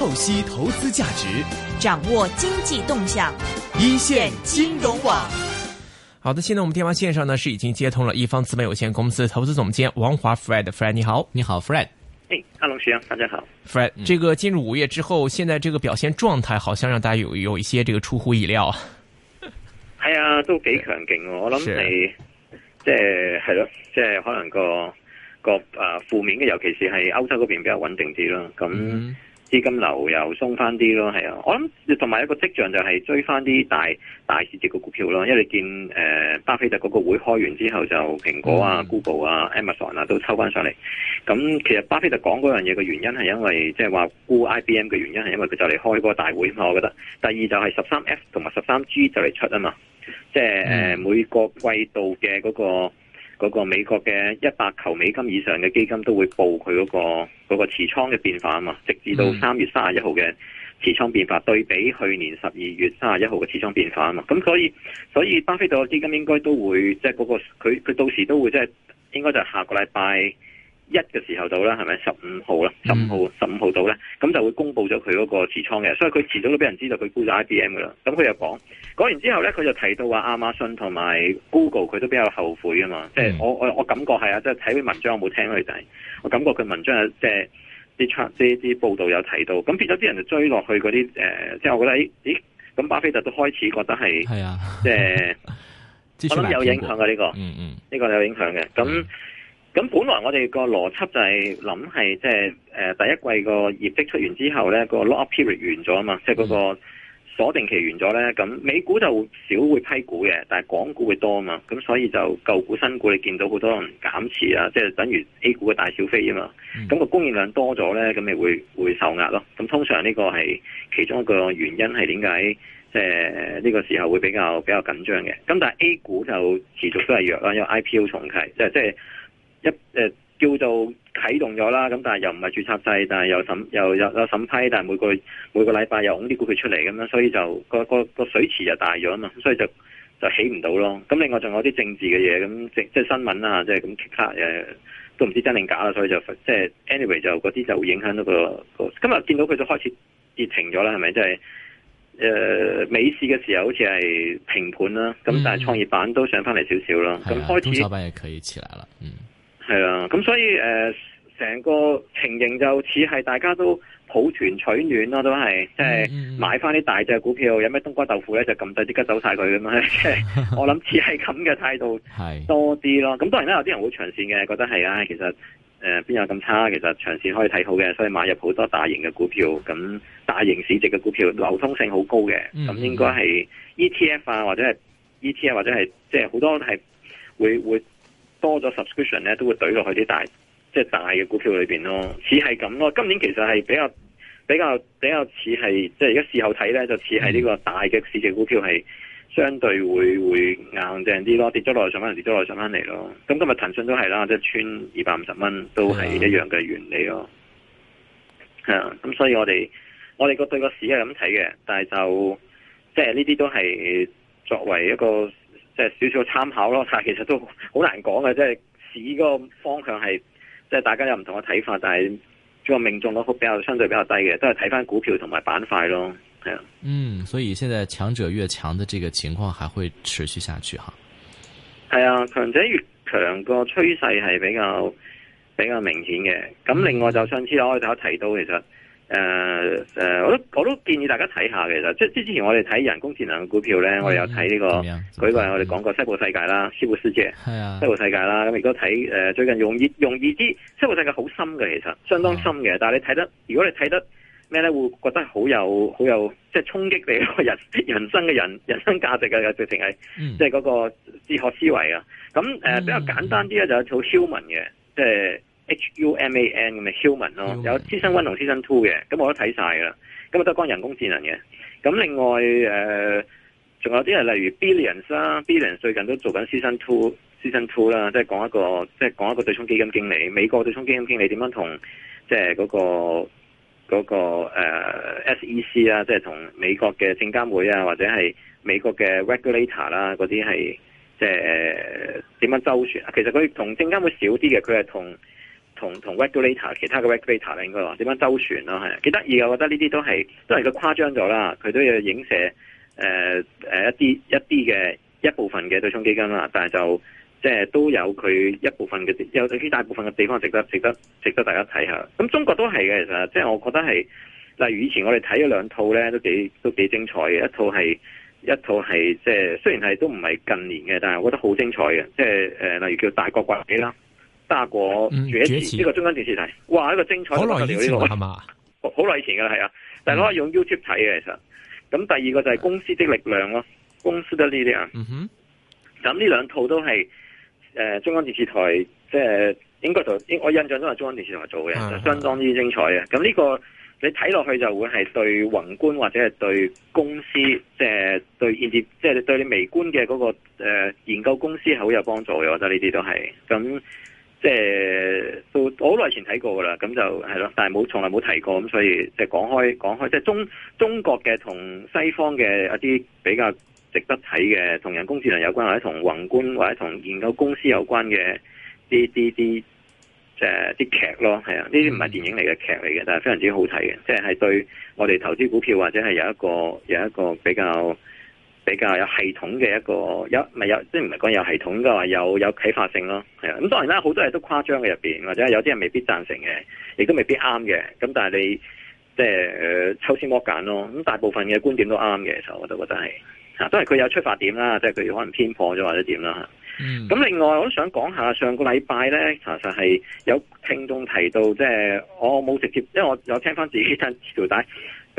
透析投資價值，掌握經濟動向，一線金融網。好的，現在我們電話線上呢是已經接通了一方資本有限公司投資總監王華 Fred，Fred Fred，你好，你好 Fred。哎、hey, Fred, 嗯，阿龍徐陽，大家好。Fred，這個進入五月之後，現在這個表現狀態好像讓大家有有一些這個出乎意料是啊。係啊，都幾強勁，我諗你，即係係咯，即係可能個個啊負面嘅，尤其是係歐洲嗰邊比較穩定啲咯，咁。嗯資金流又鬆翻啲咯，係啊，我諗同埋一個跡象就係追翻啲大大市值嘅股票咯，因為你見誒、呃、巴菲特嗰個會開完之後，就蘋果啊、mm. Google 啊、Amazon 啊都抽翻上嚟。咁其實巴菲特講嗰樣嘢嘅原因係因為即係話估 IBM 嘅原因係因為佢就嚟開嗰個大會嘛，我覺得。第二就係十三 F 同埋十三 G 就嚟出啊嘛，即係誒每個季度嘅嗰、嗰個。嗰個美國嘅一百球美金以上嘅基金都會報佢嗰個嗰個持倉嘅變化啊嘛，直至到三月三十一號嘅持倉變化對比去年十二月三十一號嘅持倉變化啊嘛，咁所以所以巴菲特嘅基金應該都會即係嗰個佢佢到時都會即係應該就係下個禮拜。一嘅時候到啦，係咪十五號啦？十五號，十五號到咧，咁就會公布咗佢嗰個持倉嘅，所以佢遲早都俾人知道佢沽咗 IBM 嘅啦。咁佢又講講完之後咧，佢就提到話 Amazon 同埋 Google 佢都比較後悔啊嘛。即係、嗯、我我我感覺係啊，即係睇佢文章，我冇聽佢仔。我感覺佢、即係、文章即係啲即係啲報道有提到。咁變咗啲人追、呃、就追落去嗰啲誒，即係我覺得咦咦，咁巴菲特都開始覺得係啊，即係我諗有影響嘅呢、呢個，嗯嗯，呢個有影響嘅咁。咁本來我哋個邏輯就係諗係即係誒第一季個業績出完之後咧，個 lockup period 完咗啊嘛，即係嗰個鎖定期完咗咧，咁美股就少會批股嘅，但係港股會多啊嘛，咁所以就舊股新股你見到好多人減持啊，即係等於 A 股嘅大小非啊嘛，咁個、嗯、供應量多咗咧，咁咪會會受壓咯。咁通常呢個係其中一個原因係點解即係呢個時候會比較比較緊張嘅。咁但係 A 股就持續都係弱啦，因為 IPO 重啟即係即係。就是一誒、呃、叫做啟動咗啦，咁但係又唔係註冊制，但係又審又又有審批，但係每個每個禮拜又咁啲股票出嚟咁樣，所以就個個個水池就大咗啊嘛，所以就就起唔到咯。咁另外仲有啲政治嘅嘢，咁即係新聞啊，即係咁其他誒都唔知真定假啦，所以就即係 anyway 就嗰啲就會影響到、嗰個。今日見到佢就開始跌停咗啦，係咪即係誒美市嘅時候好似係平盤啦，咁、嗯、但係創業板都上翻嚟少少啦，咁、啊、開始中小板亦可以起嚟啦，嗯。係啦，咁所以誒，成、呃、個情形就似係大家都抱團取暖咯、啊，都係即係買翻啲大隻股票，有咩冬瓜豆腐咧就咁低即刻走晒佢咁樣，我諗似係咁嘅態度 多啲咯、啊。咁當然啦，有啲人會長線嘅，覺得係啊，其實誒邊、呃、有咁差，其實長線可以睇好嘅，所以買入好多大型嘅股票，咁大型市值嘅股票流通性好高嘅，咁、嗯嗯嗯、應該係 E T F 啊，或者係 E T F 或者係即係好多係會會。會多咗 subscription 咧，都會懟落去啲大，即係大嘅股票裏邊咯，似係咁咯。今年其實係比較比較比較似係，即係而家事後睇咧，就似係呢個大嘅市值股票係相對會會硬淨啲咯，跌咗落上翻，跌咗落上翻嚟咯。咁今日騰訊都係啦，即係穿二百五十蚊，都係一樣嘅原理咯。係啊，咁所以我哋我哋個對個市係咁睇嘅，但係就即係呢啲都係作為一個。即少少參考咯，但係其實都好難講嘅，即係市嗰個方向係，即係大家有唔同嘅睇法，但係主要命中率比較相對比較低嘅，都係睇翻股票同埋板塊咯，係啊。嗯，所以現在強者越強嘅這個情況還會持續下去吓。係啊，強者越強個趨勢係比較比較明顯嘅。咁另外就上次、嗯、我哋有提到，其實。誒誒、呃呃，我都我都建議大家睇下嘅，其實即係之前我哋睇人工智能嘅股票咧，嗯、我哋有睇呢、這個，舉個例我哋講過西部世界啦，西部世界係啊、嗯，西部世界啦，咁亦都睇誒，最近容易容易啲，西部世界好深嘅，其實相當深嘅，嗯、但係你睇得，如果你睇得咩咧，會覺得有好有好有即係衝擊你個人人生嘅人人生價值嘅，直情係即係嗰個哲學思維啊。咁誒、呃，比較簡單啲咧、嗯，就一套 human 嘅，即係。N, HUMAN 咁咪 human 咯，有 season one 同 season two 嘅，咁我都睇晒曬啦。咁啊都講人工智能嘅。咁另外誒，仲、呃、有啲係例如 Billions 啦、啊、Billions 最近都做緊 season two、season two 啦，即係講一個，即係講一個對沖基金經理，美國對沖基金經理點樣同即係嗰個嗰、那個呃、SEC 啊，即係同美國嘅證監會啊，或者係美國嘅 regulator 啦，嗰啲係即係點樣周旋？其實佢同證監會少啲嘅，佢係同。同同 regulator 其他嘅 regulator 咧，應該話點樣周旋咯，係幾得意啊！我覺得呢啲都係都係佢誇張咗啦，佢都要影射誒誒一啲一啲嘅一部分嘅對沖基金啦，但係就即係都有佢一部分嘅有佢大部分嘅地方值得值得值得大家睇下。咁中國都係嘅，其實即係我覺得係例如以前我哋睇咗兩套咧，都幾都幾精彩嘅。一套係一套係即係雖然係都唔係近年嘅，但係我覺得好精彩嘅。即係、呃、例如叫大國崛起啦。加過住一次呢個中央電視台，哇！一、這個精彩嘅一呢歷係嘛，好耐以前噶啦，係嗎、哦、啊，嗯、但係可以用 YouTube 睇嘅其實。咁第二個就係公司的力量咯，嗯、公司的呢啲啊。咁呢、嗯、哼兩套都係誒、呃、中央電視台，即、呃、係應該就我印象中係中央電視台做嘅，嗯、就相當之精彩嘅。咁呢、嗯、這個你睇落去就會係對宏觀或者係對公司，即、就、係、是、對現時即係對你微觀嘅嗰、那個誒、呃、研究公司係好有幫助嘅。我覺得呢啲都係咁。即係都好耐以前睇過噶啦，咁就係咯，但係冇從來冇提過，咁所以即係講開講開，即係中中國嘅同西方嘅一啲比較值得睇嘅，同人工智能有關或者同宏觀或者同研究公司有關嘅啲啲啲即係啲劇咯，係啊，呢啲唔係電影嚟嘅劇嚟嘅，但係非常之好睇嘅，即係對我哋投資股票或者係有一個有一個比較。比較有系統嘅一個有咪有即係唔係講有系統嘅話、就是、有有啟發性咯，係啊，咁當然啦，好多嘢都誇張嘅入邊，或者有啲人未必贊成嘅，亦都未必啱嘅。咁但係你即係、呃、抽絲剝繭咯，咁大部分嘅觀點都啱嘅，其實我都覺得係吓，都係佢有出發點啦，即係譬如可能偏頗咗或者點啦吓。咁、嗯、另外我都想講下上個禮拜咧，查實係有聽眾提到即係我冇直接，因為我有聽翻自己條帶。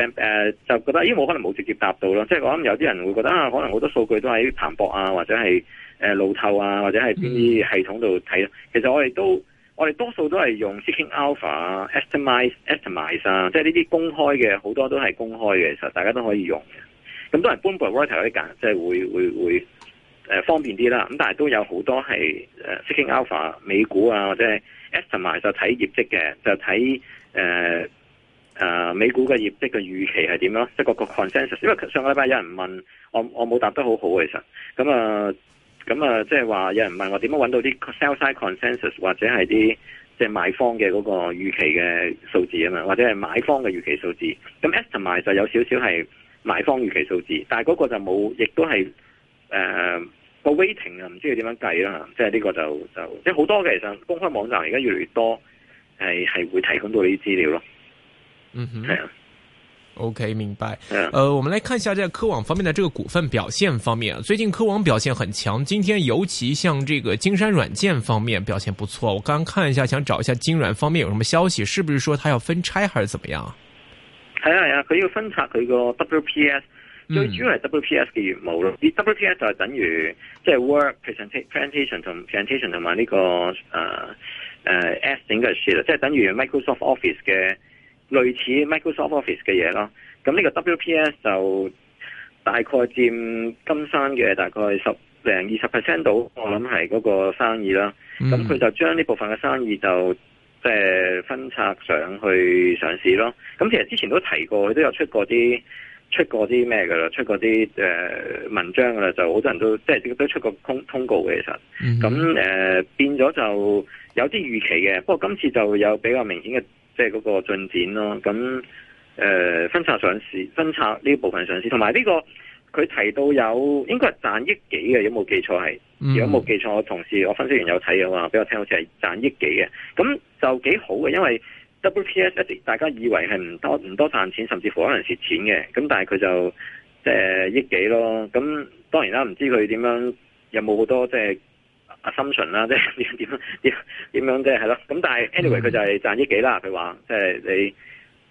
誒、呃、就覺得咦，冇可能冇直接答到啦。即、就、係、是、我諗有啲人會覺得啊，可能好多數據都喺彭博啊，或者係、呃、路透啊，或者係邊啲系統度睇，其實我哋都我哋多數都係用 Seeking Alpha、mm. 啊、Estimize、啊、Estimize 啊，即係呢啲公開嘅好多都係公開嘅，其實大家都可以用。咁都係搬布 writer 可以即係會會會、呃、方便啲啦。咁但係都有好多係、呃、Seeking Alpha 美股啊，或者係 Estimize 就睇業績嘅，就睇誒。呃誒、呃、美股嘅業績嘅預期係點咯？即係個個 consensus，因為上個禮拜有人問我，我冇答得好好其實。咁啊，咁啊，即係話有人問我點樣揾到啲 sell side consensus 或者係啲即係買方嘅嗰個預期嘅數字啊嘛，或者係買方嘅預期數字。咁 estimate 就有少少係買方預期數字，但係嗰個就冇，亦都係誒個 waiting 啊，唔知要點樣計啦。即係呢個就就即係好多嘅，其實公開網站而家越嚟越多，係會提供到呢啲資料咯。嗯哼，OK 明白。呃，我們來看一下在科網方面的這個股份表現方面，最近科網表現很強，今天尤其像這個金山軟件方面表現不錯。我剛看一下，想找一下金軟方面有什麼消息，是不是說他要分拆還是怎麼樣？係啊係啊，佢要分拆佢個 WPS，最主要係 WPS 嘅業務咯。啲 WPS 就係等於即係 work presentation 同埋呢個誒誒 asingle s h e t 即係等於 Microsoft Office 嘅。類似 Microsoft Office 嘅嘢咯，咁呢個 WPS 就大概佔金山嘅大概十零二十 percent 度，我諗係嗰個生意啦。咁佢、mm hmm. 就將呢部分嘅生意就即係、就是、分拆上去上市咯。咁其實之前都提過，佢都有出過啲出過啲咩嘅啦，出過啲、呃、文章嘅啦，就好多人都即係都出過通通告嘅其實。咁誒、mm hmm. 呃、變咗就有啲預期嘅，不過今次就有比較明顯嘅。.即係嗰個進展咯，咁誒、呃、分拆上市、分拆呢部分上市，同埋呢個佢提到有應該係賺億幾嘅，有冇記錯係，如果冇記錯、嗯、記錯，我同事我分析員有睇嘅話，俾我聽好似係賺億幾嘅，咁就幾好嘅，因為 WPS 大家以為係唔多唔多賺錢，甚至乎可能蝕錢嘅，咁但係佢就即係、就是、億幾咯，咁當然啦，唔知佢點樣有冇好多即係。啊，心存啦，即係點點點點樣即係係咯，咁但係 anyway 佢就係賺億幾啦，佢話即係你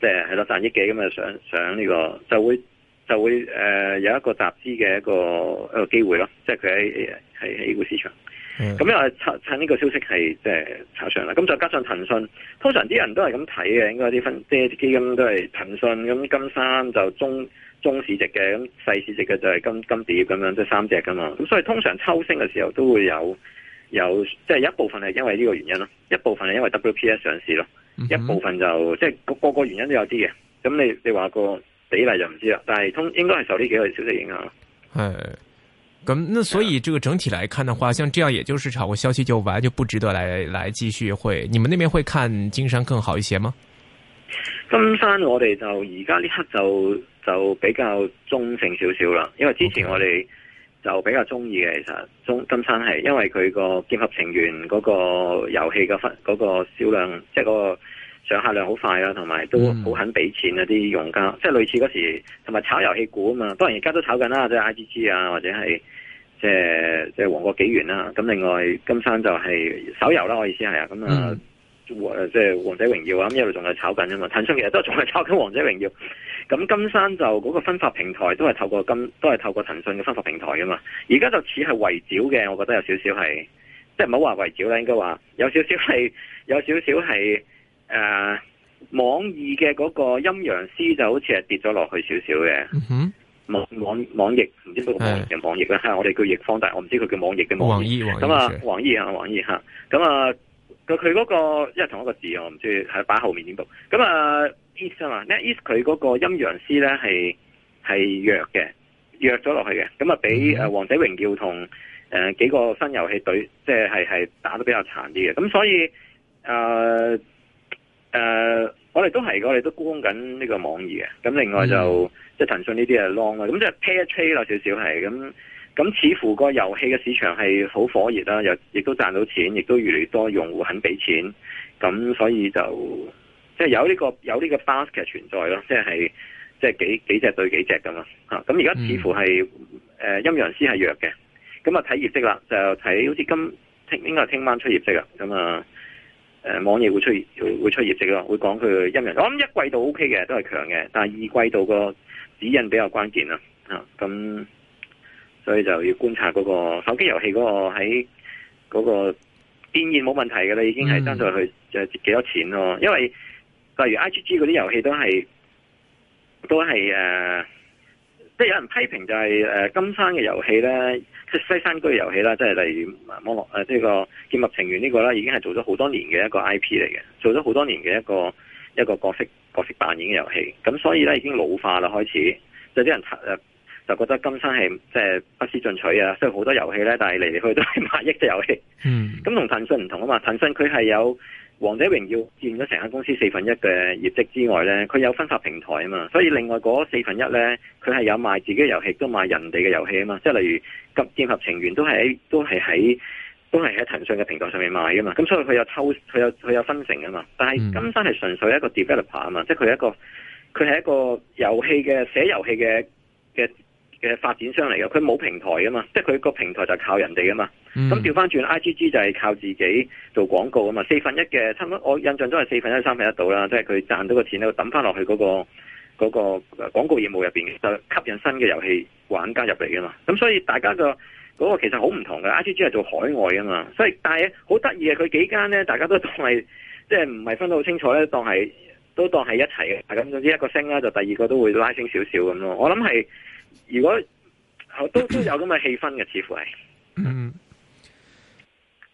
即係係咯賺億幾咁啊，上上呢個就會就會誒、呃、有一個集資嘅一個一個機會咯，即係佢喺喺喺股市場，咁、嗯、又趁趁呢個消息係即係炒上啦，咁、就、再、是、加上騰訊，通常啲人都係咁睇嘅，應該啲分即基金都係騰訊，咁金山就中中市值嘅，咁細市值嘅就係金金蝶咁樣，即係三隻噶嘛，咁所以通常抽升嘅時候都會有。有即係一部分係因為呢個原因咯，一部分係因為 WPS 上市咯，一部分就、嗯、哼即係個個原因都有啲嘅。咁你你話個比例就唔知啦，但係通應該係受呢幾個消息影響咯。誒，咁所以這個整體來看的話，像這樣也就是炒個消息就完就不值得來來繼續會。你們那邊會看金山更好一些嗎？金山我哋就而家呢刻就就比較中性少少啦，因為之前我哋。Okay. 就比較中意嘅，其實中金山係，因為佢個劍俠情緣嗰個遊戲嘅分嗰、嗰個銷量，即係嗰個上下量好快啦，同埋都好肯俾錢嗰啲用家，即係類似嗰時同埋炒遊戲股啊嘛，當然而家都炒緊啦，即係 I G G 啊，或者係即係即係王國紀元啦、啊。咁另外金山就係手遊啦，我意思係啊，咁啊、嗯嗯，即、就、係、是、王者榮耀啊，咁一路仲係炒緊啊嘛，騰訊其實都仲係炒緊王者榮耀。咁金山就嗰個分發平台都係透過金都係透過騰訊嘅分發平台㗎嘛，而家就似係圍剿嘅，我覺得有少少係，即係唔好話圍剿啦，應該話有少少係有少少係誒網易嘅嗰個陰陽師就好似係跌咗落去少少嘅，網網網易唔知嗰個網嘅網易啦，我哋叫易方，但係我唔知佢叫網易嘅網。網易，咁、嗯、啊，網易啊，網易嚇，咁啊。佢嗰、嗰個因為同一個字，我唔知喺擺後面點讀。咁啊、uh,，east 啊嘛，east 佢嗰個陰陽師呢係係弱嘅，弱咗落去嘅。咁、mm hmm. 啊，比誒王者榮耀同、呃、幾個新遊戲隊，即係係打得比較殘啲嘅。咁所以誒誒、呃呃，我哋都係，我哋都沽緊呢個網易嘅。咁另外就、mm hmm. 即係騰訊呢啲係 long 啦。咁即係 pair trade 有少少係咁似乎個遊戲嘅市場係好火熱啦，又亦都賺到錢，亦都越嚟越多用戶肯俾錢，咁所以就即係有呢、這個有呢個 basket 存在咯，即係即係幾幾隻對幾隻嘛，吓，咁而家似乎係誒、嗯呃、陰陽師係弱嘅，咁啊睇業績啦，就睇好似今聽應該係聽晚出業績啦，咁啊誒網易會出會出業績咯，會講佢陰陽，我諗一季度 O K 嘅，都係強嘅，但係二季度個指引比較關鍵啦咁，啊所以就要觀察嗰個手機遊戲嗰個喺嗰個變現冇問題嘅啦，已經係爭在佢即係幾多錢咯。因為例如 I G G 嗰啲遊戲都係都係、呃、有人批評就係、係呃、金山嘅遊戲呢，即係西山居遊戲呢，即係例如誒魔樂誒、呃這個、呢個劍俠情緣呢個啦，已經係做咗好多年嘅一個 I P 嚟嘅，做咗好多年嘅一個一個角色角色扮演嘅遊戲。咁所以咧已經老化啦，開始就有啲人、呃就覺得金山係即係不思進取啊，所以好多遊戲咧，但係嚟嚟去去都係百億隻遊戲。嗯，咁同騰訊唔同啊嘛，騰訊佢係有王者榮耀佔咗成間公司四分一嘅業績之外咧，佢有分發平台啊嘛，所以另外嗰四分一咧，佢係有賣自己嘅遊戲，都賣人哋嘅遊戲啊嘛，即係例如《劍劍俠情緣》都係都係喺都係喺騰訊嘅平台上面賣啊嘛，咁所以佢有抽佢有佢有分成啊嘛。但係金山係純粹係一個 developer 啊嘛，嗯、即係佢係一個佢係一個遊戲嘅寫遊戲嘅嘅，的嘅發展商嚟嘅，佢冇平台啊嘛，即係佢個平台就靠人哋㗎嘛。咁調翻轉，IGG 就係靠自己做廣告啊嘛，四分一嘅，差唔多我印象中係四分一三分一到啦，即係佢賺到個錢咧抌翻落去嗰個嗰個廣告業務入面，嘅，就吸引新嘅遊戲玩家入嚟噶嘛。咁所以大家就嗰個其實好唔同嘅，IGG 係做海外啊嘛。所以但係好得意嘅，佢幾間咧大家都當係即係唔係分得好清楚咧，當係都當係一齊嘅。咁總之一個升啦，就第二個都會拉升少少咁咯。我諗係。如果都都有咁嘅氣氛嘅，似乎係嗯，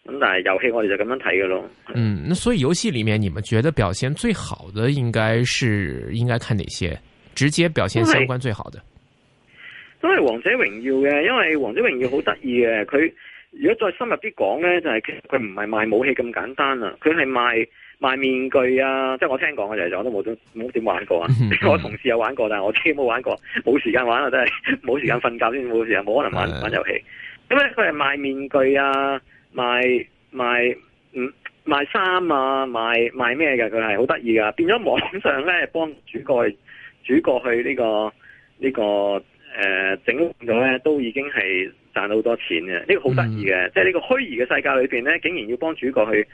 咁但係遊戲我哋就咁樣睇嘅咯。嗯，那所以遊戲裏面，你們覺得表現最好的應該是應該看哪些直接表現相關最好的？都係《王者榮耀》嘅，因為《王者榮耀很》好得意嘅，佢如果再深入啲講呢，就係其實佢唔係賣武器咁簡單啦，佢係賣。賣面具啊！即係我聽講，嘅其實我都冇點冇點玩過啊。 我同事有玩過，但係我自己冇玩過，冇時間玩啊，真係冇時間瞓覺先冇時間，冇可能玩玩遊戲。咁咧佢係賣面具啊，賣賣嗯賣衫啊，賣賣咩嘅？佢係好得意噶，變咗網上咧幫主角主角去呢個呢個誒呃整咗咧，都已經係賺到好多錢嘅。呢個好得意嘅，即係呢個虛擬嘅世界裏邊咧，竟然要幫主角去。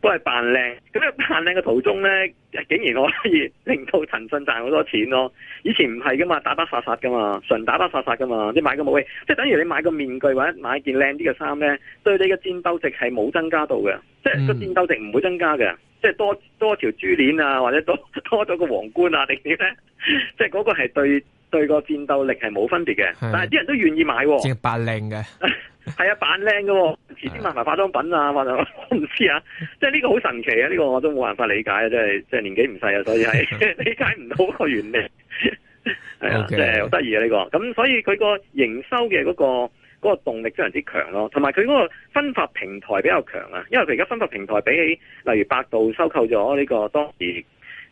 都係扮靚，咁喺扮靚嘅途中咧，竟然我可以令到騰訊賺好多錢咯。以前唔係噶嘛，打打殺殺噶嘛，純打打殺殺噶嘛。你買個武器，即係等於你買個面具或者買件靚啲嘅衫咧，對你嘅戰鬥值係冇增加到嘅，即係個戰鬥值唔會增加嘅，嗯、即係多多條珠鏈啊，或者多多咗個皇冠啊，定點咧，即係嗰個係對對個戰鬥力係冇分別嘅。是的但係啲人都願意買的，淨係扮靚嘅。 係 啊，扮靚喎、哦，遲啲買埋化妝品啊，或者 我唔知啊，即係呢個好神奇啊，呢、這個我都冇辦法理解啊，係，即係年紀唔細啊，所以係理解唔到個原理，係啊，Okay. 即係好得意啊呢、這個，咁所以佢個營收嘅嗰、那個嗰、那個動力非常之強咯，同埋佢嗰個分發平台比較強啊，因為佢而家分發平台比起，例如百度收購咗呢個當時誒、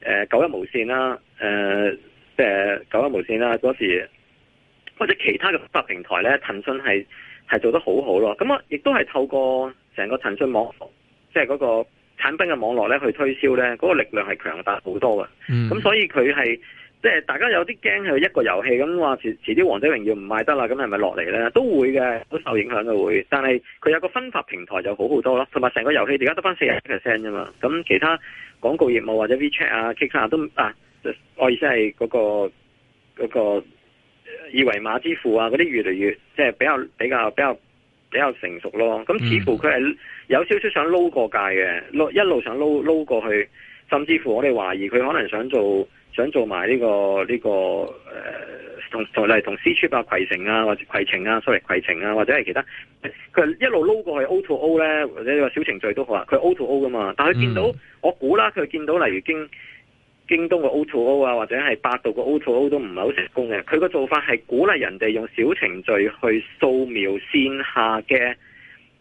呃、九一無線啦、啊，誒、呃、即係九一無線啦、啊、嗰時，或者其他嘅分發平台咧，騰訊係。係做得好好咯，咁我亦都係透過成個騰訊網即係嗰個產品嘅網絡咧去推銷咧，嗰、嗰個力量係強大好多嘅。咁、mm. 所以佢係即係大家有啲驚佢一個遊戲咁話遲遲啲《王者榮耀》唔賣得啦，咁係咪落嚟咧？都會嘅，都受影響嘅會。但係佢有個分發平台就好好多咯，同埋成個遊戲而家得返四十一 percent 啫嘛。咁其他廣告業務或者 WeChat 啊、K 歌都啊，我意思係嗰個嗰個。嗰個二維碼支付啊，嗰啲越嚟越即係比較比較比較比較，比較成熟咯。咁似乎佢係有少少想撈過界嘅，一路想撈撈過去，甚至乎我哋懷疑佢可能想做想做埋呢個呢個誒同同同 Ctrip 啊攜程啊或者攜程啊 sorry 攜程啊或者係其他，佢係一路撈過去 O to O 咧或者呢個小程序都好啊，佢 O to O 噶嘛。但係佢見到、嗯、我估啦，佢見到例如經。京東個 O2O o 啊，或者係百度個 O2O o 都唔係好成功嘅。佢個做法係鼓勵人哋用小程序去掃描線下嘅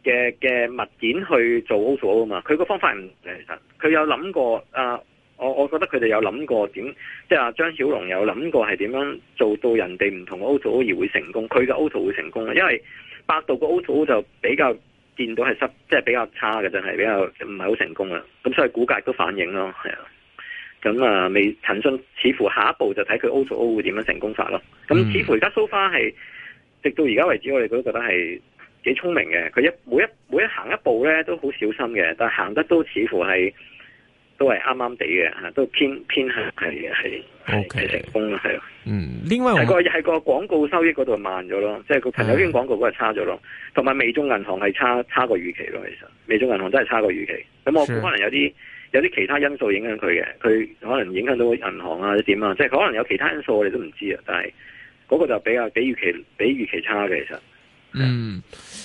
嘅嘅物件去做 O2O 啊嘛。佢個方法唔其實，佢有諗過，啊。我我覺得佢哋有諗過點，即係阿張小龍有諗過係點樣做到人哋唔同嘅 O2O o 而會成功。佢嘅 O2O o 會成功啊，因為百度個 O2O o 就比較見到係失，即係比較差嘅，真係比較唔係好成功啊。咁所以股價都反映咯，係啊。咁啊，未騰訊似乎下一步就睇佢 O to O 會點樣成功法咯。咁似乎而家 so far 係直到而家為止，我哋都覺得係幾聰明嘅。佢一每一每一行一步咧都好小心嘅，但係行得都似乎係都係啱啱地嘅都偏偏向係嘅係成功啦，係啊，Okay. 的嗯，因為我係個廣告收益嗰度慢咗咯，即係、嗯、個朋友圈廣告嗰個差咗咯，同埋、嗯、微眾銀行係差差過預期咯，其實微眾銀行真係差過預期。咁的我估可能有啲。有啲其他因素影響佢嘅，佢可能影響到銀行啊或者點啊，即係可能有其他因素我哋都唔知啊，但係嗰個就比較比預期比預期差嘅，其實。嗯。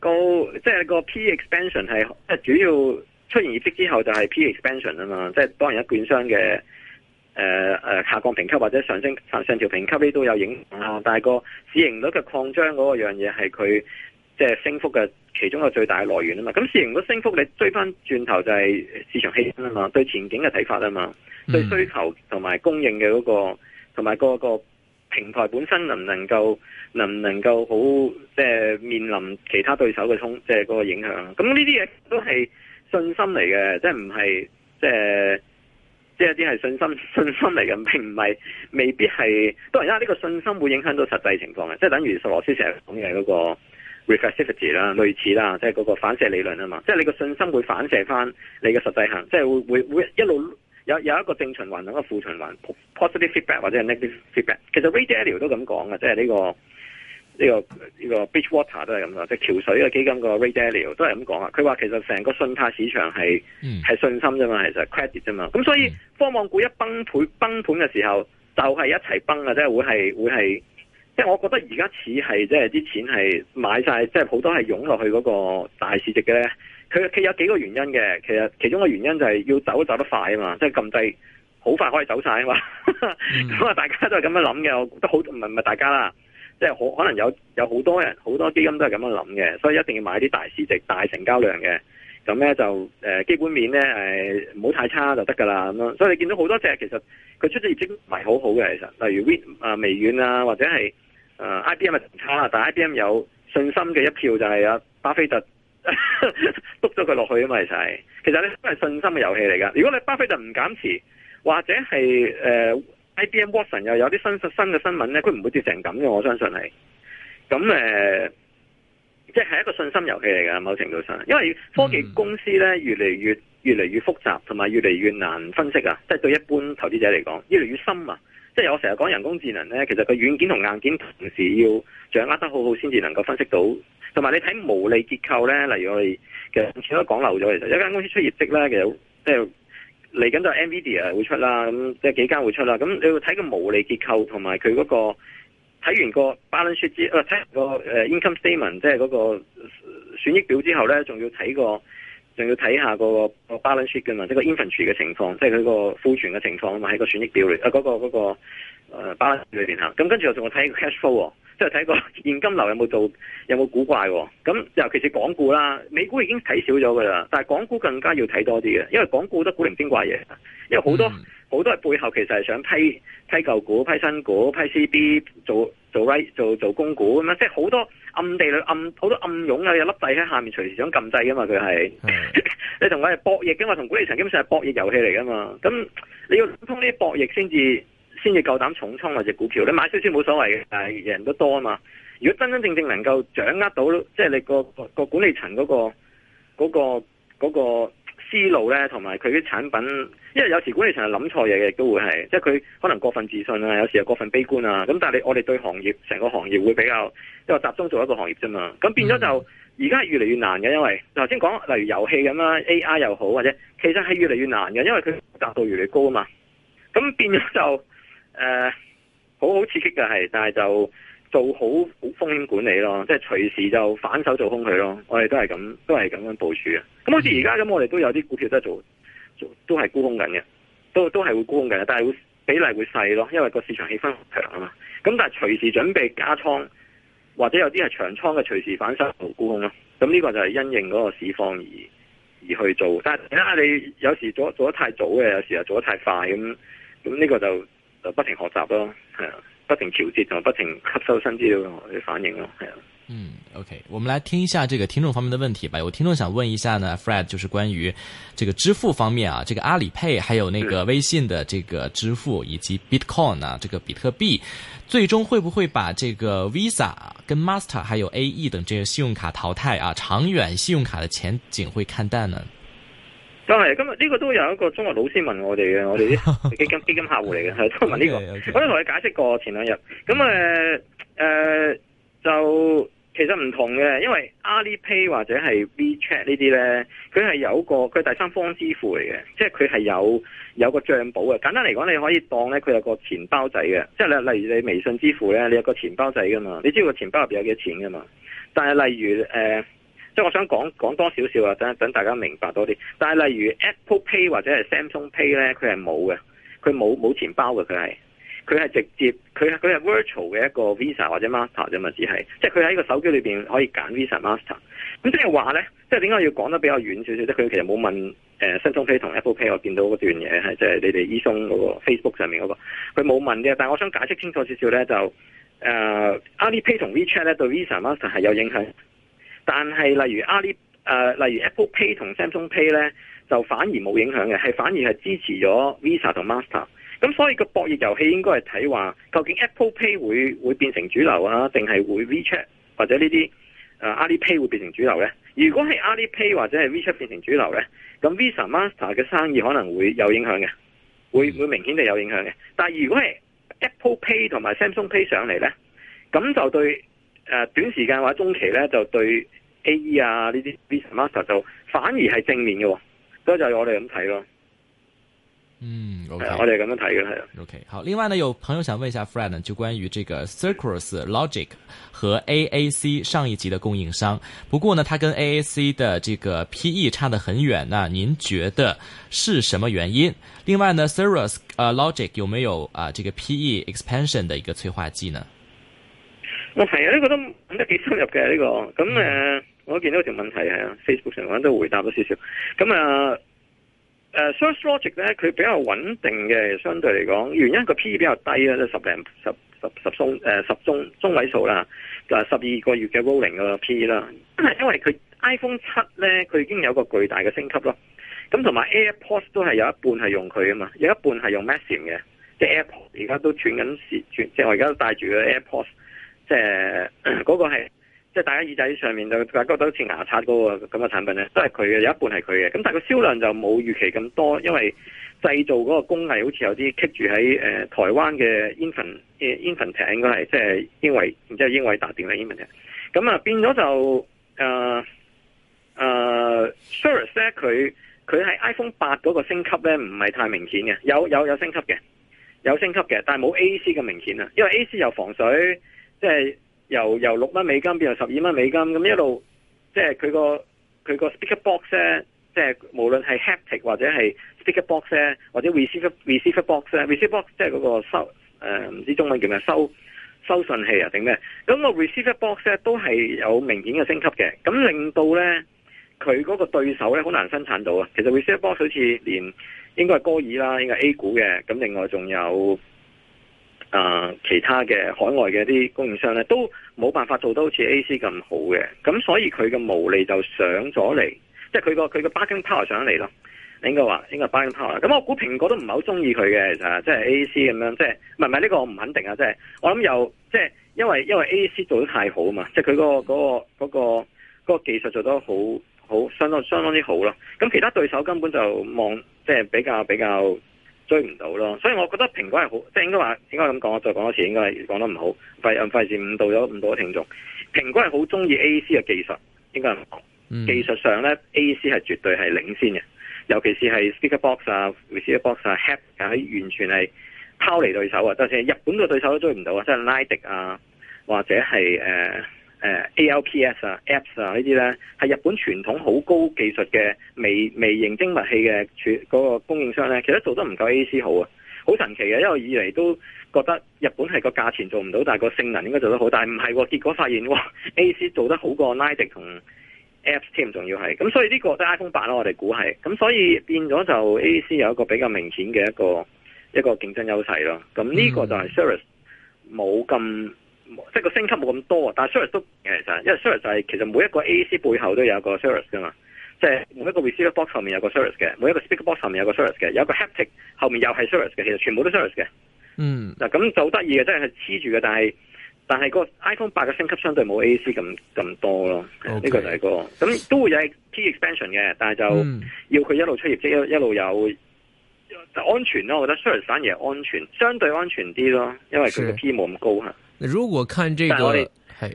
高即係個 P expansion 係即係主要出現業績之後就係 P expansion 啊嘛，即係當然一券商嘅誒誒下降評級或者上升上上調評級呢都有影響。哦，但係個市盈率嘅擴張嗰個樣嘢係佢即係升幅嘅其中嘅最大的來源啊嘛，咁市盈率升幅你追翻轉頭就係市場氣氛啊嘛，對前景嘅睇法啊嘛，嗯、對需求同埋供應嘅嗰個同埋個個。平台本身能唔能夠能唔能夠好，即係面臨其他對手嘅衝即係嗰個影響，咁呢啲嘢都係信心嚟嘅，即係唔係，即係即係一啲係信心信心嚟嘅，並唔係未必係。當然啦，呢個信心會影響到實際情況嘅，即係等於索羅斯成日講嘅嗰個 reflexivity 啦，類似啦，即係嗰個反射理論啊嘛。即係你個信心會反射翻你嘅實際行，即係會會會一路。有有一個正循環同一個負循環，positive feedback 或者 negative feedback。其實 Ray Dalio 都咁講嘅，即係呢個呢個呢個 Bridge Water 都係咁啦，即係橋水嘅基金個 Ray Dalio 都係咁講啊。佢話其實成個信貸市場係係信心啫嘛，其實 credit 啫嘛。咁所以科網股一崩盤崩盤嘅時候，就係一齊崩嘅，即係會係會係即係我覺得而家似係即係啲錢係買晒，即係好多係湧落去嗰個大市值嘅咧。佢佢有幾個原因嘅，其實其中個原因就係要走走得快啊嘛，即係撳掣好快可以走曬啊嘛，咁 啊大家都係咁樣諗嘅，我都好唔係唔係大家啦，即係可可能有有好多人好多基金都係咁樣諗嘅，所以一定要買啲大市值大成交量嘅，咁咧就、呃、基本面咧唔好太差就得㗎啦。咁所以你見到好多隻其實佢出咗業績唔係好好嘅其實，例如微啊微軟啊或者係誒、呃、IBM 係差啦，但係 IBM 有信心嘅一票就係阿巴菲特。篤咗佢落去啊嘛，其實係，其實咧都係信心嘅遊戲嚟噶。如果你巴菲特唔減持，或者係誒、呃、IBM Watson 又有啲新新嘅新聞咧，佢唔會跌成咁嘅，我相信係。咁誒、呃，即係係一個信心遊戲嚟噶，某程度上，因為科技公司咧越嚟越越嚟越複雜，同埋越嚟越難分析啊，即係對一般投資者嚟講，越嚟越深啊。即係我成日講人工智能咧，其實個軟件同硬件同時要掌握得好好，先至能夠分析到。同埋你睇毛利結構咧，例如我哋嘅前都講漏咗，其實有間公司出業績咧，其實即係嚟緊就係 Nvidia 會出啦，咁即係幾間會出啦。咁你要睇個毛利結構同埋佢嗰個睇完那個 balance sheet，唔係睇個誒 income statement，即係嗰個損益表之後咧，仲要睇個。仲要睇下個個 balance sheet 㗎嘛，即、就、係、是、個 infantry 嘅情況，即係佢個庫存嘅情況啊嘛，喺個損益表裏，啊、呃、嗰、那個嗰、那個呃、balance 裏邊嚇。咁跟住我仲要睇個 cash flow，即係睇個現金流有冇做，有冇古怪喎。咁尤其是港股啦，美股已經睇少咗㗎啦，但係港股更加要睇多啲嘅，因為港股古靈精怪嘢，因為好多好、嗯、多係背後其實係想批批舊股、批新股、批 C B 做。做 right, 做做公股咁即係好多暗地裏暗好多暗湧啊，有粒掣喺下面隨時想撳掣噶嘛，佢係、嗯、 你同佢係博弈嘅嘛，同管理層基本上係博弈遊戲嚟噶嘛，咁你要諗通呢博弈先至先至夠膽重倉或者股票，你買少少冇所謂嘅，但人都多啊嘛，如果真真正正能夠掌握到，即、就、係、是、你個個，個管理層嗰個嗰個嗰個。那個那個思路咧，同埋佢啲產品，因為有時管理層係諗錯嘢嘅，亦都會係，即係佢可能過分自信啊，有時又過分悲觀啊，咁但係我哋對行業成個行業會比較即係集中做一個行業啫嘛，咁變咗就而家係越嚟越難嘅，因為頭先講例如遊戲咁啦，AI 又好或者，其實係越嚟越難嘅，因為佢難度越嚟越高啊嘛，咁變咗就誒好好刺激嘅係，但係就。做好好風險管理咯，即係隨時就反手做空佢咯。我哋都係咁，都係咁樣部署嘅。咁好似而家咁，我哋都有啲股票都係做，做都係沽空緊嘅，都都係會沽空緊嘅，但係比例會細咯，因為個市場氣氛好強啊嘛。咁但係隨時準備加倉，或者有啲係長倉嘅隨時反手做沽空咯。咁呢個就係因應嗰個市況而而去做。但係睇下，你有時做做得太早嘅，有時候做得太快咁，咁呢個就就不停學習咯，係啊。不停調節，不停吸收新資料，反應啊。嗯，OK，我們來聽一下這個聽眾方面的問題吧。有聽眾想問一下呢，Fred，就是關於這個支付方面啊，這個阿里配還有那個微信的這個支付以及 Bitcoin 啊，這個比特幣，最終會不會把這個 Visa 跟 Master 還有 AE 等這些信用卡淘汰啊？長遠信用卡的前景會看淡呢？真係、就係、今日呢個都有一個中學老師問我哋嘅，我哋啲基金基金客戶嚟嘅，係都 對問呢、呢個，okay, okay. 我都同你解釋過前兩日，咁誒誒就其實唔同嘅，因為 Alipay 或者係 WeChat 呢啲咧，佢係有一個佢第三方支付嚟嘅，即係佢係有有個帳簿嘅，簡單嚟講，你可以當咧佢有個錢包仔嘅，即係例例如你微信支付咧，你有個錢包仔噶嘛，你知道個錢包入邊有幾多錢噶嘛，但係例如誒。呃即係我想講講多少少啊，等等大家明白多啲。但係例如 Apple Pay 或者係 Samsung Pay 咧，佢係冇嘅，佢冇冇錢包嘅，佢係佢係直接佢佢係 virtual 嘅一個 Visa 或者 Master 啫嘛，只係即係佢喺個手機裏面可以揀 Visa Master。咁即係話咧，即係點解要講得比較遠少少？即佢其實冇問誒 Samsung Pay 同 Apple Pay 我。我見到嗰段嘢係即係你哋伊松嗰個 Facebook 上面嗰、那個，佢冇問嘅。但我想解釋清楚少少咧，就誒、呃、Alipay 同 WeChat 咧對 Visa Master 係有影響。但係、呃，例如阿里例如 Apple Pay 同 Samsung Pay 咧，就反而冇影響嘅，係反而係支持咗 Visa 同 Master。咁所以個博弈遊戲應該係睇話，究竟 Apple Pay 會，會變成主流啊，定係會 WeChat 或者呢啲誒、呃、Ali Pay 會變成主流咧？如果係 Ali Pay 或者係 WeChat 變成主流咧，咁 Visa Master 嘅生意可能會有影響嘅，會會明顯地有影響嘅。但係如果係 Apple Pay 同埋 Samsung Pay 上嚟咧，咁就對。短時間或者中期咧，就對 A E 啊呢啲 business master 就反而係正面嘅，哦，所以就係我哋咁睇咯。嗯，OK，我哋咁樣睇嘅，係 OK，好。另外呢，有朋友想問一下 Fred，呢就關於這個 Cirrus Logic 和 AAC 上一級的供應商，不過呢，它跟 AAC 的這個 PE 差得很遠，那您覺得是什麼原因？另外呢 Cirrus Logic 有沒有啊這個 PE expansion 嘅一個催化劑呢？我係啊，呢、哦這個都揾得幾深入嘅呢、這個。咁誒、呃，我見到一條問題係啊，Facebook 成日都回答咗少少。咁啊，誒 Source Logic 咧，佢比較穩定嘅，相對嚟講，原因個 PE 比較低啦，即十零十十松、呃、十中誒十中中位數啦，就係十二個月嘅 rolling 個 PE 啦。因為佢 iPhone 七咧，佢已經有一個巨大嘅升級咯。咁同埋 AirPods 都係有一半係用佢啊嘛，有一半係用 Maxim 嘅，即 AirPods 而家都轉緊時轉，即我而家都戴住個 AirPods。即係嗰、嗯嗰個係即係大家耳仔上面就覺得好似牙刷嗰個咁嘅產品咧，都係佢嘅，有一半係佢嘅。咁但係個銷量就冇預期咁多，因為製造嗰個工藝好似有啲棘住喺誒台灣嘅英業誒英業達，應該係即係英偉然之後英偉達電力英業達。咁啊變咗就誒誒、呃呃、surface，佢佢喺 iPhone 八嗰個升級咧唔係太明顯嘅，有有有升級嘅，有升級嘅，但係冇 A C 咁明顯啊，因為 A C 有防水。即係由由六蚊美金變到十二蚊美金，咁一路即係、就、佢、是、個佢個 speaker box 咧，即係無論係 haptic 或者係 speaker box 咧，或者 receiver receiver box 咧，receiver 即係嗰個收誒唔、呃、知中文叫咩收收信器啊定咩？咁、那個 receiver box 咧都係有明顯嘅升級嘅，咁令到咧佢嗰個對手咧好難生產到啊！其實 receiver box 好似連應該係歌爾啦，應該係 A 股嘅，咁另外仲有。啊、呃！其他嘅海外嘅一啲供應商咧，都冇辦法做到好似 AC 咁好嘅，咁所以佢嘅毛利就上咗嚟，即係佢個佢個 bargain power 上嚟咯。你應該話應該係 bargain power。咁我估蘋果都唔係好中意佢嘅，其實，啊，即係 AC 咁樣，即係唔係唔係呢個我唔肯定啊。即係我諗又即係因為因為 AC 做得太好啊嘛，即係佢嗰個、嗰個、嗰個、嗰個技術做得好好好相當相當之好咯。咁其他對手根本就望即係比較比較。比較追唔到囉，所以我覺得蘋果係好，即係應該話，應該咁講啊，我再講多次應該講得唔好，費費事誤導咗誤導咗聽眾。蘋果係好鍾意 A C 嘅技術，應該係唔講，嗯、技術上呢 A C 係絕對係領先嘅，尤其係 Speaker Box 啊、Virtual Box 啊、Haptic 啊，完全係拋離對手啊！就算係，日本嘅對手都追唔到啊，即係拉迪啊，或者係誒誒、呃、ALPS 啊、Apps 啊呢啲呢，係日本傳統好高技術嘅微微型精密器嘅嗰個供應商呢。其實做得唔夠 A C 好啊，好神奇嘅、啊，因為以嚟都覺得日本係個價錢做唔到，但係個性能應該做得好，但係唔係喎，結果發現哇，A C 做得好過 Nidec 同 Apps 添仲要係，咁所以呢個都係 iPhone 八，我哋估係、啊，咁所以變咗就 A C 有一個比較明顯嘅一個一個競爭優勢咯，咁呢個就係 Cirrus 冇咁。即係個升級冇咁多，但係 Cirrus 都其實，因為 Cirrus 就係其實每一個 A C 背後都有一個 Cirrus 噶嘛，即係每一個 receiver box 後面有個 Cirrus 嘅，每一個 speaker box 後面有個 Cirrus 嘅，有一個 haptic 後面又係 Cirrus 嘅，其實全部都 Cirrus 嘅 okay.。嗯，嗱咁就得意嘅，真係黐住嘅，但係但係個 iPhone 八嘅升級相對冇 A C 咁咁多咯。呢個就係個，咁都會有 P expansion 嘅，但係就要佢一路出業績，一一路有就安全咯、啊。我覺得 Cirrus 反而安全，相對安全啲咯，因為佢嘅 P 冇咁高、啊。如果看這個，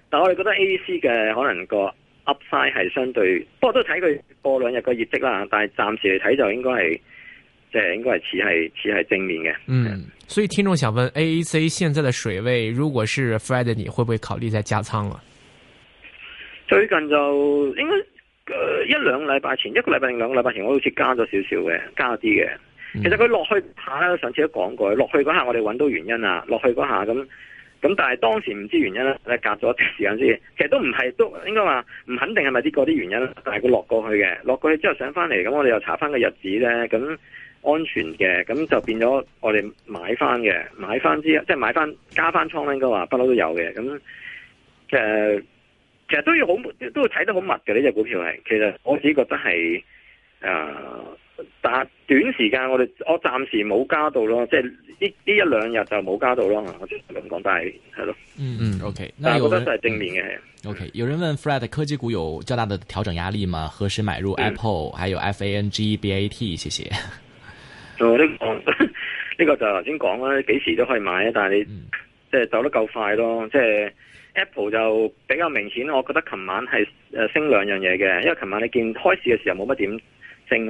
但我哋是覺得 AC 嘅可能個 upside 係相對，不過都睇佢過兩日個業績啦。但係暫時嚟睇就應該係，即、呃、係應該係似係似係正面嘅。嗯，所以聽眾想問 AC 現在嘅水位，如果是 Fred，你會唔會考慮再加倉啦？最近就應該、呃、一兩個禮拜前，一個禮拜定兩個禮拜前，我好似加咗少少嘅，加啲嘅。嗯、其實佢落去下，上次都講過，落去嗰下我哋揾到原因啊，落去嗰下咁。咁但係當時唔知原因咧，隔咗啲時間先，其實都唔係，都應該話唔肯定係咪啲嗰啲原因，但係佢落過去嘅，落過去之後上翻嚟，咁我哋又查翻個日子咧，咁安全嘅，咁就變咗我哋買翻嘅，買翻之，即係買翻加翻倉應該話不嬲都有嘅，咁嘅其，其實都要好，都要睇得好密嘅呢隻股票嚟，其實我自己覺得係但短時間我哋我暫時冇加到咯，即係呢呢一兩日就冇加到咯。我只能咁講，但係係咯。嗯嗯，OK。但係我覺得都係正面嘅、嗯。OK，有人問 Fred，科技股有較大的調整壓力嗎？何時買入 Apple？、嗯、還有 F A N G B A T？謝謝。呢、這個哦這個就頭先講啦，幾時都可以買啊，但係你、嗯、即係走得夠快咯。即係 Apple 就比較明顯，我覺得琴晚係誒升兩樣嘢嘅，因為琴晚你見開市嘅時候冇乜點。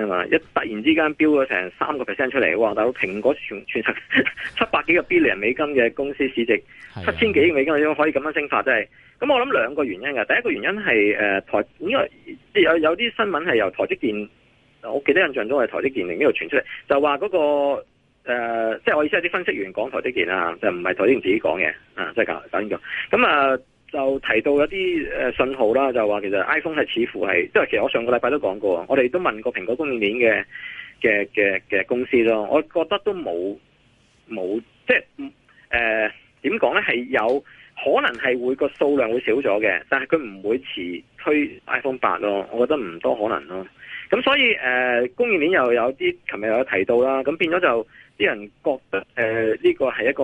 啊嘛！一突然之間飆咗成三個 percent 出嚟，哇！大佬蘋果全全七百幾個 billion 美金嘅公司市值七千幾億美金，可以咁樣升法，真係。咁我諗兩個原因嘅，第一個原因係誒台，因為有有啲新聞係由台積電，我記得印象中係台積電呢度傳出嚟，就話嗰個誒，即係我意思係啲分析員講台積電啊，就唔係台積電自己講嘅，啊，即係咁講咁啊。就提到有啲信號啦，就話其實 iPhone 係似乎係，即係其實我上個禮拜都講過，我哋都問過蘋果供應鏈嘅嘅嘅嘅公司咯，我覺得都冇冇，即係誒點講咧，係、呃、有可能係會個數量會少咗嘅，但係佢唔會遲推 iPhone 八咯，我覺得唔多可能咯。咁所以誒、呃、供應鏈又有啲，琴日又有提到啦，咁變咗就啲人覺得誒呢、呃這個係一個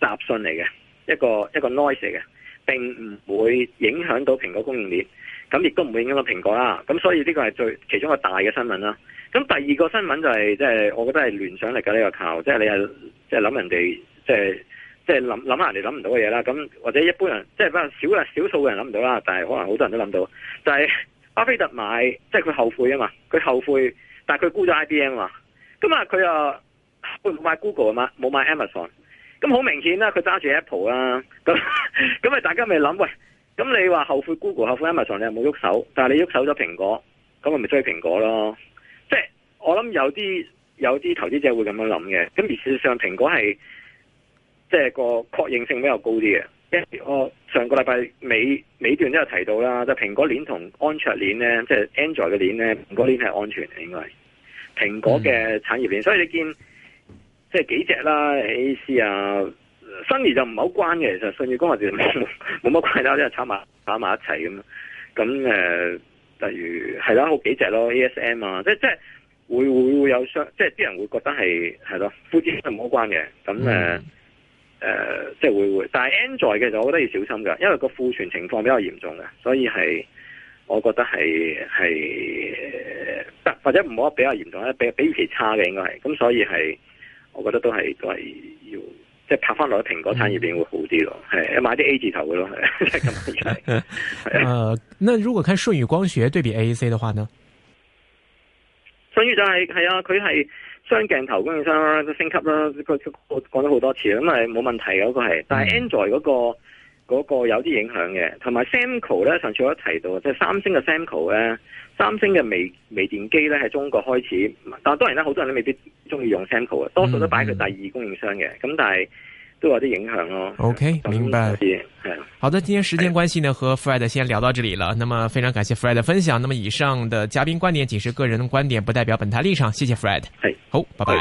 雜訊嚟嘅，一個一個 noise 嚟嘅。並唔會影響到蘋果供應鏈，咁亦都唔會影響到蘋果啦。咁所以呢個係最其中一個大嘅新聞啦。咁第二個新聞就係即係我覺得係聯想嚟嘅呢個購，即係你係即係諗人哋即係即係諗諗下人哋諗唔到嘅嘢啦。咁或者一般人即係比較少人少數人諗唔到啦，但係可能好多人都諗到。就係、是、巴菲特買，即係佢後悔啊嘛，佢後悔，但係佢沽咗 IBM 啊。咁啊，佢啊，唔冇買 Google 啊嘛，冇買 Amazon。咁好明顯啦，佢揸住 Apple 啦，咁咁啊，啊大家咪諗喂，咁你話後悔 Google、後悔 Amazon，你又冇喐手，但係你喐手咗蘋果，咁我咪追蘋果咯。即係我諗有啲有啲投資者會咁樣諗嘅。咁而事實上蘋果係即係個確認性比較高啲嘅。我上個禮拜尾，尾段都有提到啦，就蘋果鏈同安卓鏈咧，即係 Android 嘅鏈咧，蘋果鏈係安全嘅應該係蘋果嘅產業鏈，所以你見。即係幾隻啦，A.C. 啊，新怡就唔係好關嘅，其實信譽工我就冇冇乜關係啦，即係炒埋炒埋一齊咁咯。咁誒、呃，例如係啦，好幾隻囉 ASM 啊，即即係會會會有傷，即係啲人會覺得係係咯，庫存係冇關嘅。咁誒、mm. 呃、即係會會，但係 Android 嘅就我覺得要小心㗎，因為個庫存情況比較嚴重嘅，所以係我覺得係係，或者唔好比較嚴重咧，比較比其差嘅應該係，咁所以係。我覺得都係都係要，即係拍翻落去蘋果產業邊會好啲咯，係、嗯、買啲 A 字頭嘅咯，係咁樣出嚟。啊，那如果看舜宇光學對比 AAC 的話呢？舜宇就係、是、係啊，佢係雙鏡頭供應商升級啦，佢佢講咗好多次，咁咪冇問題嘅個係，但係 Android 嗰、那個。嗯嗰個有啲影響嘅，同埋 s a m s u n 咧，上次我一提到，即、就、係、是、三星嘅 s a m s u n 咧，三星嘅微微電機咧喺中國開始，但當然啦，好多人都未必中意用 Samsung 多數都擺佢第二供應商嘅，咁、嗯、但係都有啲影響咯。OK，、嗯、明白。係好的，今天時間關係呢，和 Fred 先聊到這裡了。那麼非常感謝 Fred 的分享。那麼以上的嘉賓觀點僅是個人觀點，不代表本台立場。謝謝 Fred。係是，好，拜拜。